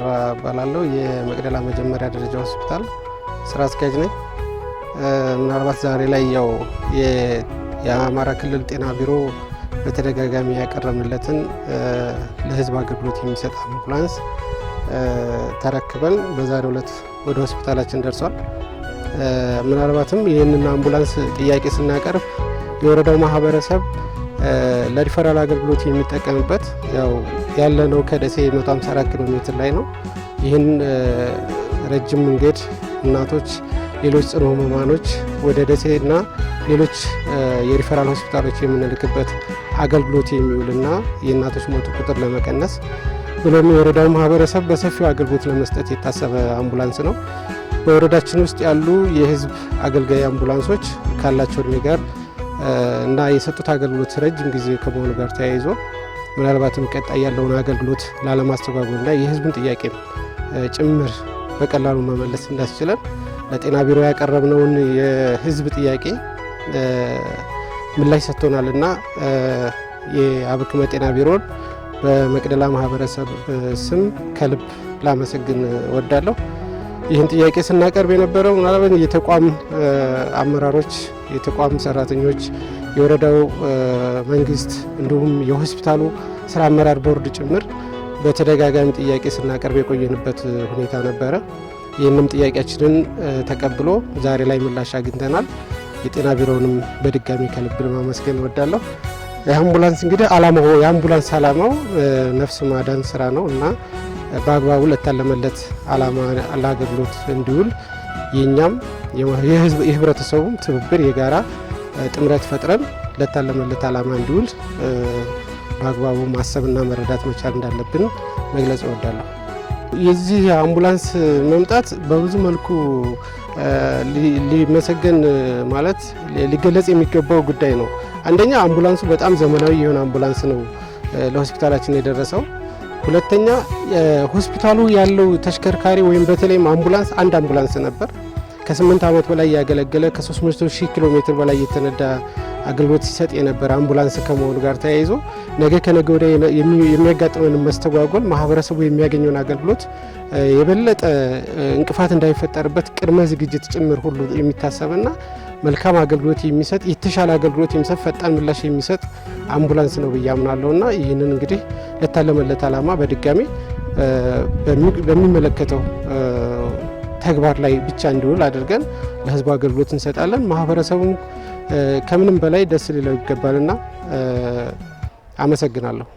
ተፈራ እባላለሁ። የመቅደላ መጀመሪያ ደረጃ ሆስፒታል ስራ አስኪያጅ ነኝ። ምናልባት ዛሬ ላይ ያው የአማራ ክልል ጤና ቢሮ በተደጋጋሚ ያቀረብንለትን ለህዝብ አገልግሎት የሚሰጥ አምቡላንስ ተረክበን በዛሬው ዕለት ወደ ሆስፒታላችን ደርሷል። ምናልባትም ይህንን አምቡላንስ ጥያቄ ስናቀርብ የወረዳው ማህበረሰብ ለሪፈራል አገልግሎት የሚጠቀምበት ያው ያለነው ከደሴ 154 ኪሎ ሜትር ላይ ነው። ይህን ረጅም መንገድ እናቶች፣ ሌሎች ጽኑ ህሙማኖች ወደ እና ሌሎች የሪፈራል ሆስፒታሎች የምንልክበት አገልግሎት የሚውልና የእናቶች ሞት ቁጥር ለመቀነስ ብሎም የወረዳው ማህበረሰብ በሰፊው አገልግሎት ለመስጠት የታሰበ አምቡላንስ ነው። በወረዳችን ውስጥ ያሉ የህዝብ አገልጋይ አምቡላንሶች ካላቸው እድሜ ጋር እና የሰጡት አገልግሎት ረጅም ጊዜ ከመሆኑ ጋር ተያይዞ ምናልባትም ቀጣይ ያለውን አገልግሎት ላለማስተጓጎል እና የህዝብን ጥያቄ ጭምር በቀላሉ መመለስ እንዳስችለን ለጤና ቢሮ ያቀረብነውን የህዝብ ጥያቄ ምላሽ ሰጥቶናል እና የአብክመ ጤና ቢሮን በመቅደላ ማህበረሰብ ስም ከልብ ላመሰግን ወዳለሁ። ይህን ጥያቄ ስናቀርብ የነበረው ምናልባት የተቋም አመራሮች፣ የተቋም ሰራተኞች፣ የወረዳው መንግስት እንዲሁም የሆስፒታሉ ስራ አመራር ቦርድ ጭምር በተደጋጋሚ ጥያቄ ስናቀርብ የቆየንበት ሁኔታ ነበረ። ይህንም ጥያቄያችንን ተቀብሎ ዛሬ ላይ ምላሽ አግኝተናል። የጤና ቢሮውንም በድጋሚ ከልብ ለማመስገን እወዳለሁ። የአምቡላንስ እንግዲህ አላማው የአምቡላንስ አላማው ነፍስ ማዳን ስራ ነው እና በአግባቡ ለታለመለት አላማ ለአገልግሎት እንዲውል የእኛም የህብረተሰቡም ትብብር የጋራ ጥምረት ፈጥረን ለታለመለት አላማ እንዲውል በአግባቡ ማሰብና መረዳት መቻል እንዳለብን መግለጽ እወዳለሁ። የዚህ አምቡላንስ መምጣት በብዙ መልኩ ሊመሰገን ማለት ሊገለጽ የሚገባው ጉዳይ ነው። አንደኛ አምቡላንሱ በጣም ዘመናዊ የሆነ አምቡላንስ ነው ለሆስፒታላችን የደረሰው። ሁለተኛ ሆስፒታሉ ያለው ተሽከርካሪ ወይም በተለይም አምቡላንስ አንድ አምቡላንስ ነበር። ከ8 ዓመት በላይ ያገለገለ ከ300 ሺህ ኪሎ ሜትር በላይ የተነዳ አገልግሎት ሲሰጥ የነበረ አምቡላንስ ከመሆኑ ጋር ተያይዞ ነገ ከነገ ወዲያ የሚያጋጥመንን መስተጓጎል ማህበረሰቡ የሚያገኘውን አገልግሎት የበለጠ እንቅፋት እንዳይፈጠርበት ቅድመ ዝግጅት ጭምር ሁሉ የሚታሰብና መልካም አገልግሎት የሚሰጥ የተሻለ አገልግሎት የሚሰጥ ፈጣን ምላሽ የሚሰጥ አምቡላንስ ነው ብዬ አምናለሁ እና ይህንን እንግዲህ ለታለመለት ዓላማ በድጋሚ በሚመለከተው ተግባር ላይ ብቻ እንዲውል አድርገን ለህዝቡ አገልግሎት እንሰጣለን። ማህበረሰቡም ከምንም በላይ ደስ ሊለው ይገባልና አመሰግናለሁ።